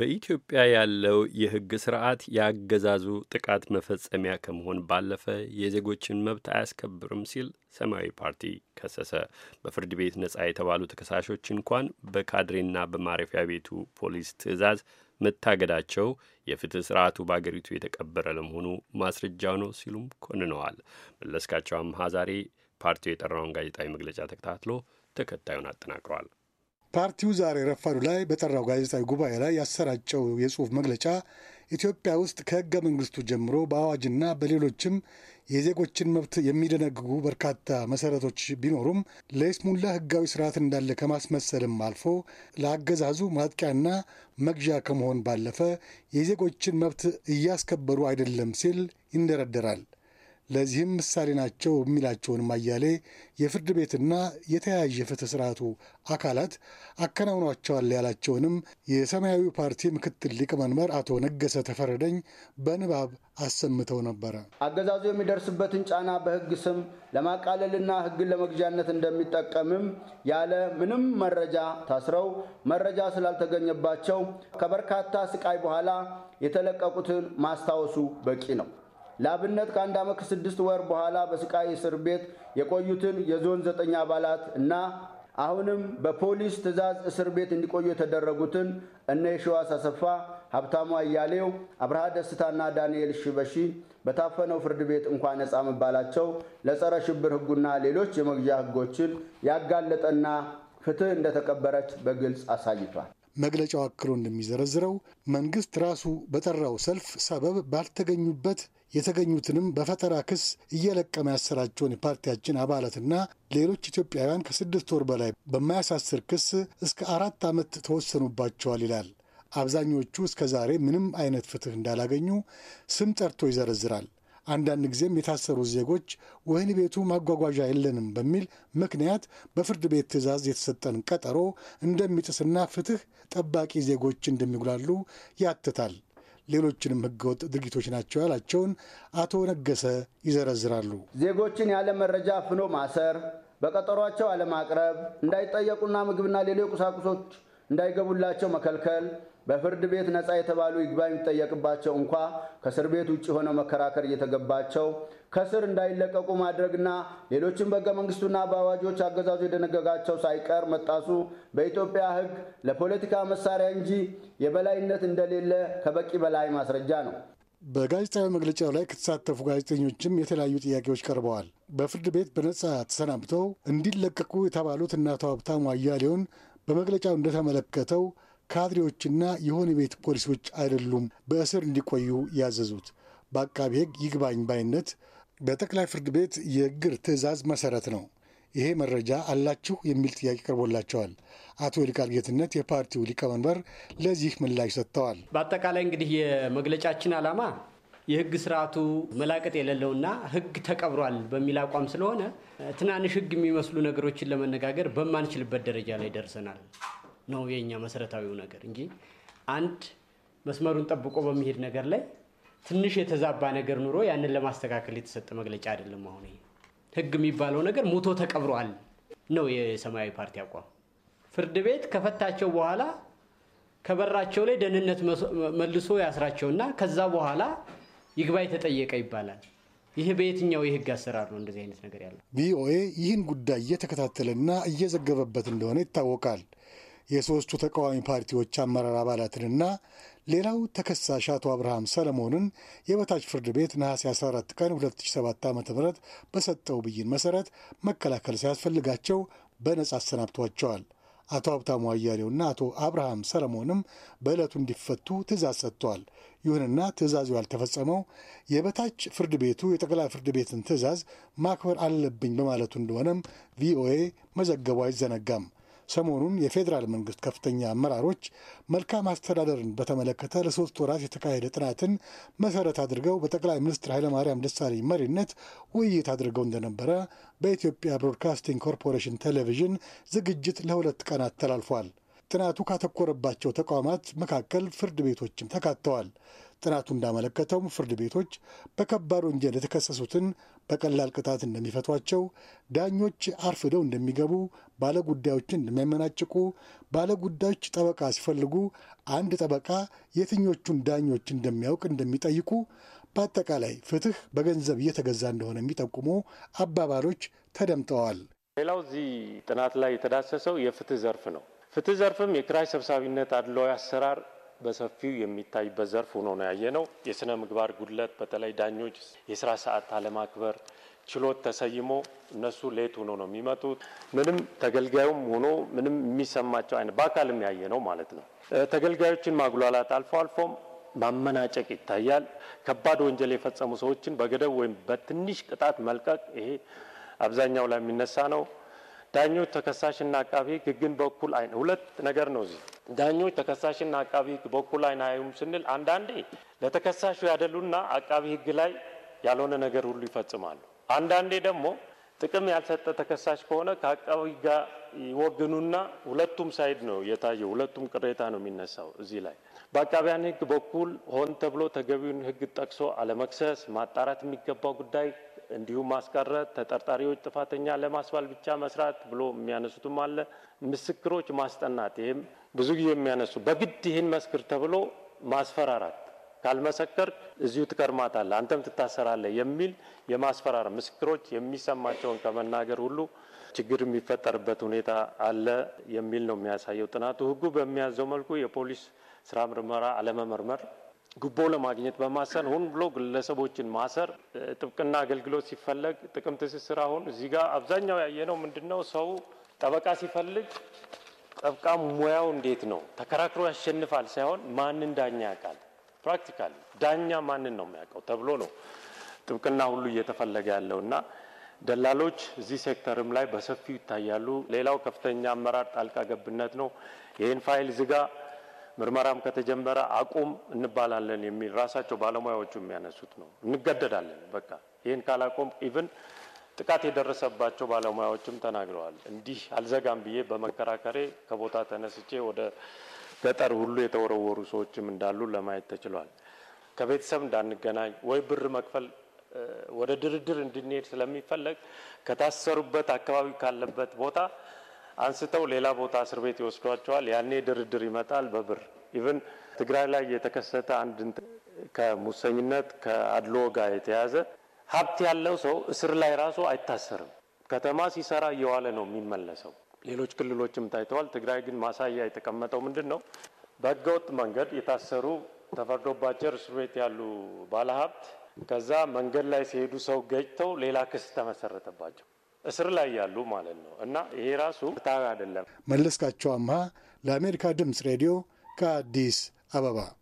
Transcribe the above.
በኢትዮጵያ ያለው የህግ ስርዓት የአገዛዙ ጥቃት መፈጸሚያ ከመሆን ባለፈ የዜጎችን መብት አያስከብርም ሲል ሰማያዊ ፓርቲ ከሰሰ። በፍርድ ቤት ነጻ የተባሉ ተከሳሾች እንኳን በካድሬና በማረፊያ ቤቱ ፖሊስ ትዕዛዝ መታገዳቸው የፍትህ ስርዓቱ በአገሪቱ የተቀበረ ለመሆኑ ማስረጃው ነው ሲሉም ኮንነዋል። መለስካቸው አምሃ ዛሬ ፓርቲው የጠራውን ጋዜጣዊ መግለጫ ተከታትሎ ተከታዩን አጠናቅሯል። ፓርቲው ዛሬ ረፋዱ ላይ በጠራው ጋዜጣዊ ጉባኤ ላይ ያሰራጨው የጽሑፍ መግለጫ ኢትዮጵያ ውስጥ ከሕገ መንግስቱ ጀምሮ በአዋጅና በሌሎችም የዜጎችን መብት የሚደነግጉ በርካታ መሰረቶች ቢኖሩም ለይስሙላ ሕጋዊ ስርዓት እንዳለ ከማስመሰልም አልፎ ለአገዛዙ ማጥቂያና መግዣ ከመሆን ባለፈ የዜጎችን መብት እያስከበሩ አይደለም ሲል ይንደረደራል። ለዚህም ምሳሌ ናቸው የሚላቸውንም አያሌ የፍርድ ቤትና የተያያዥ የፍትህ ስርዓቱ አካላት አከናውኗቸዋል ያላቸውንም የሰማያዊ ፓርቲ ምክትል ሊቀመንበር አቶ ነገሰ ተፈረደኝ በንባብ አሰምተው ነበረ። አገዛዙ የሚደርስበትን ጫና በህግ ስም ለማቃለልና ህግን ለመግዣነት እንደሚጠቀምም ያለ ምንም መረጃ ታስረው መረጃ ስላልተገኘባቸው ከበርካታ ስቃይ በኋላ የተለቀቁትን ማስታወሱ በቂ ነው። ለአብነት ከአንድ ዓመት ከስድስት ወር በኋላ በስቃይ እስር ቤት የቆዩትን የዞን ዘጠኝ አባላት እና አሁንም በፖሊስ ትዕዛዝ እስር ቤት እንዲቆዩ የተደረጉትን እነ የሸዋስ አሰፋ፣ ሀብታሙ አያሌው፣ አብርሃ ደስታና ዳንኤል ሽበሺ በታፈነው ፍርድ ቤት እንኳ ነፃ መባላቸው ለጸረ ሽብር ሕጉና ሌሎች የመግዣ ሕጎችን ያጋለጠና ፍትህ እንደተቀበረች በግልጽ አሳይቷል። መግለጫው አክሎ እንደሚዘረዝረው መንግስት ራሱ በጠራው ሰልፍ ሰበብ ባልተገኙበት የተገኙትንም በፈጠራ ክስ እየለቀመ ያሰራቸውን የፓርቲያችን አባላትና ሌሎች ኢትዮጵያውያን ከስድስት ወር በላይ በማያሳስር ክስ እስከ አራት ዓመት ተወሰኑባቸዋል ይላል። አብዛኞቹ እስከ ዛሬ ምንም አይነት ፍትህ እንዳላገኙ ስም ጠርቶ ይዘረዝራል። አንዳንድ ጊዜም የታሰሩ ዜጎች ወህኒ ቤቱ ማጓጓዣ የለንም በሚል ምክንያት በፍርድ ቤት ትዕዛዝ የተሰጠን ቀጠሮ እንደሚጥስና ፍትህ ጠባቂ ዜጎች እንደሚጉላሉ ያትታል። ሌሎችንም ህገወጥ ድርጊቶች ናቸው ያላቸውን አቶ ነገሰ ይዘረዝራሉ። ዜጎችን ያለ መረጃ አፍኖ ማሰር፣ በቀጠሯቸው አለማቅረብ፣ እንዳይጠየቁና ምግብና ሌሎች ቁሳቁሶች እንዳይገቡላቸው መከልከል፣ በፍርድ ቤት ነፃ የተባሉ ይግባኝ የሚጠየቅባቸው እንኳ ከእስር ቤት ውጭ ሆነው መከራከር እየተገባቸው ከእስር እንዳይለቀቁ ማድረግና ሌሎችም በሕገ መንግስቱና በአዋጆች አገዛዙ የደነገጋቸው ሳይቀር መጣሱ በኢትዮጵያ ሕግ ለፖለቲካ መሳሪያ እንጂ የበላይነት እንደሌለ ከበቂ በላይ ማስረጃ ነው። በጋዜጣዊ መግለጫው ላይ ከተሳተፉ ጋዜጠኞችም የተለያዩ ጥያቄዎች ቀርበዋል። በፍርድ ቤት በነጻ ተሰናብተው እንዲለቀቁ የተባሉት እናቷ ሀብታሙ አያሌውን በመግለጫው እንደተመለከተው ካድሬዎችና የሆነ ቤት ፖሊሶች አይደሉም በእስር እንዲቆዩ ያዘዙት። በአቃቢ ሕግ ይግባኝ ባይነት በጠቅላይ ፍርድ ቤት የእግር ትዕዛዝ መሰረት ነው። ይሄ መረጃ አላችሁ የሚል ጥያቄ ቀርቦላቸዋል። አቶ ይልቃል ጌትነት የፓርቲው ሊቀመንበር ለዚህ ምላሽ ሰጥተዋል። በአጠቃላይ እንግዲህ የመግለጫችን ዓላማ የህግ ስርዓቱ መላቀጥ የሌለውና ህግ ተቀብሯል በሚል አቋም ስለሆነ ትናንሽ ህግ የሚመስሉ ነገሮችን ለመነጋገር በማንችልበት ደረጃ ላይ ደርሰናል ነው የኛ መሰረታዊው ነገር እንጂ አንድ መስመሩን ጠብቆ በሚሄድ ነገር ላይ ትንሽ የተዛባ ነገር ኑሮ ያንን ለማስተካከል የተሰጠ መግለጫ አይደለም። አሁን ህግ የሚባለው ነገር ሙቶ ተቀብሯል ነው የሰማያዊ ፓርቲ አቋም። ፍርድ ቤት ከፈታቸው በኋላ ከበራቸው ላይ ደህንነት መልሶ ያስራቸውና ከዛ በኋላ ይግባይ ተጠየቀ ይባላል። ይህ በየትኛው የህግ አሰራር ነው እንደዚህ አይነት ነገር ያለው? ቪኦኤ ይህን ጉዳይ እየተከታተለና እየዘገበበት እንደሆነ ይታወቃል። የሶስቱ ተቃዋሚ ፓርቲዎች አመራር አባላትንና ሌላው ተከሳሽ አቶ አብርሃም ሰለሞንን የበታች ፍርድ ቤት ነሐሴ 14 ቀን 2007 ዓ ም በሰጠው ብይን መሰረት መከላከል ሲያስፈልጋቸው በነጻ አሰናብቷቸዋል። አቶ ሀብታሙ አያሌውና አቶ አብርሃም ሰለሞንም በዕለቱ እንዲፈቱ ትእዛዝ ሰጥቷል። ይሁንና ትእዛዙ ያልተፈጸመው የበታች ፍርድ ቤቱ የጠቅላይ ፍርድ ቤትን ትእዛዝ ማክበር አለብኝ በማለቱ እንደሆነም ቪኦኤ መዘገቡ አይዘነጋም። ሰሞኑን የፌዴራል መንግስት ከፍተኛ አመራሮች መልካም አስተዳደርን በተመለከተ ለሶስት ወራት የተካሄደ ጥናትን መሰረት አድርገው በጠቅላይ ሚኒስትር ኃይለማርያም ደሳለኝ መሪነት ውይይት አድርገው እንደነበረ በኢትዮጵያ ብሮድካስቲንግ ኮርፖሬሽን ቴሌቪዥን ዝግጅት ለሁለት ቀናት ተላልፏል። ጥናቱ ካተኮረባቸው ተቋማት መካከል ፍርድ ቤቶችም ተካተዋል። ጥናቱ እንዳመለከተውም ፍርድ ቤቶች በከባድ ወንጀል የተከሰሱትን በቀላል ቅጣት እንደሚፈቷቸው፣ ዳኞች አርፍደው እንደሚገቡ፣ ባለጉዳዮችን እንደሚያመናጭቁ፣ ባለጉዳዮች ጠበቃ ሲፈልጉ አንድ ጠበቃ የትኞቹን ዳኞች እንደሚያውቅ እንደሚጠይቁ፣ በአጠቃላይ ፍትህ በገንዘብ እየተገዛ እንደሆነ የሚጠቁሙ አባባሎች ተደምጠዋል። ሌላው እዚህ ጥናት ላይ የተዳሰሰው የፍትህ ዘርፍ ነው። ፍትህ ዘርፍም የክራይ ሰብሳቢነት አድሏዊ አሰራር በሰፊው የሚታይበት ዘርፍ ሆኖ ነው ነው። የስነ ምግባር ጉድለት፣ በተለይ ዳኞች የስራ ሰዓት አለማክበር፣ ችሎት ተሰይሞ እነሱ ሌት ሆኖ ነው የሚመጡት። ምንም ተገልጋዩም ሆኖ ምንም የሚሰማቸው አይነት በአካልም ያየ ነው ማለት ነው። ተገልጋዮችን ማጉላላት አልፎ አልፎም ማመናጨቅ ይታያል። ከባድ ወንጀል የፈጸሙ ሰዎችን በገደብ ወይም በትንሽ ቅጣት መልቀቅ፣ ይሄ አብዛኛው ላይ የሚነሳ ነው። ዳኞች ተከሳሽና አቃቢ ህግ ህግን በኩል አይ ሁለት ነገር ነው። እዚህ ዳኞች ተከሳሽና አቃቢ ህግ በኩል አይን አይሁም ስንል አንዳንዴ ለተከሳሹ ያደሉና አቃቢ ህግ ላይ ያልሆነ ነገር ሁሉ ይፈጽማሉ። አንዳንዴ ደግሞ ጥቅም ያልሰጠ ተከሳሽ ከሆነ ከአቃቢ ጋር ይወግኑና ሁለቱም ሳይድ ነው የታየው። ሁለቱም ቅሬታ ነው የሚነሳው እዚህ ላይ በአቃቢያን ህግ በኩል ሆን ተብሎ ተገቢውን ህግ ጠቅሶ አለመክሰስ ማጣራት የሚገባው ጉዳይ እንዲሁም ማስቀረት፣ ተጠርጣሪዎች ጥፋተኛ ለማስባል ብቻ መስራት ብሎ የሚያነሱትም አለ። ምስክሮች ማስጠናት፣ ይህም ብዙ ጊዜ የሚያነሱ በግድ ይህን መስክር ተብሎ ማስፈራራት፣ ካልመሰከር እዚሁ ትቀርማታለህ፣ አንተም ትታሰራለህ የሚል የማስፈራር ምስክሮች የሚሰማቸውን ከመናገር ሁሉ ችግር የሚፈጠርበት ሁኔታ አለ የሚል ነው የሚያሳየው ጥናቱ። ህጉ በሚያዘው መልኩ የፖሊስ ስራ ምርመራ አለመመርመር ጉቦ ለማግኘት በማሰር ሆን ብሎ ግለሰቦችን ማሰር፣ ጥብቅና አገልግሎት ሲፈለግ ጥቅም ትስስር። አሁን እዚህ ጋር አብዛኛው ያየነው ምንድን ነው? ሰው ጠበቃ ሲፈልግ ጠብቃ ሙያው እንዴት ነው? ተከራክሮ ያሸንፋል ሳይሆን ማንን ዳኛ ያውቃል? ፕራክቲካሊ ዳኛ ማንን ነው የሚያውቀው ተብሎ ነው ጥብቅና ሁሉ እየተፈለገ ያለው እና ደላሎች እዚህ ሴክተርም ላይ በሰፊው ይታያሉ። ሌላው ከፍተኛ አመራር ጣልቃ ገብነት ነው። ይህን ፋይል ዝጋ ምርመራም ከተጀመረ አቁም እንባላለን የሚል ራሳቸው ባለሙያዎቹ የሚያነሱት ነው። እንገደዳለን በቃ ይህን ካላቆም ኢቭን ጥቃት የደረሰባቸው ባለሙያዎችም ተናግረዋል። እንዲህ አልዘጋም ብዬ በመከራከሬ ከቦታ ተነስቼ ወደ ገጠር ሁሉ የተወረወሩ ሰዎችም እንዳሉ ለማየት ተችሏል። ከቤተሰብ እንዳንገናኝ ወይ ብር መክፈል ወደ ድርድር እንድንሄድ ስለሚፈለግ ከታሰሩበት አካባቢ ካለበት ቦታ አንስተው ሌላ ቦታ እስር ቤት ይወስዷቸዋል። ያኔ ድርድር ይመጣል በብር ኢቭን ትግራይ ላይ የተከሰተ አንድ ከሙሰኝነት ከአድሎ ጋር የተያዘ ሀብት ያለው ሰው እስር ላይ ራሱ አይታሰርም። ከተማ ሲሰራ እየዋለ ነው የሚመለሰው። ሌሎች ክልሎችም ታይተዋል። ትግራይ ግን ማሳያ የተቀመጠው ምንድን ነው? በህገወጥ መንገድ የታሰሩ ተፈርዶባቸው እስር ቤት ያሉ ባለሀብት ከዛ መንገድ ላይ ሲሄዱ ሰው ገጭተው ሌላ ክስ ተመሰረተባቸው። እስር ላይ ያሉ ማለት ነው እና ይሄ ራሱ ፍትሐዊ አይደለም። መለስካቸው አምሃ ለአሜሪካ ድምፅ ሬዲዮ ከአዲስ አበባ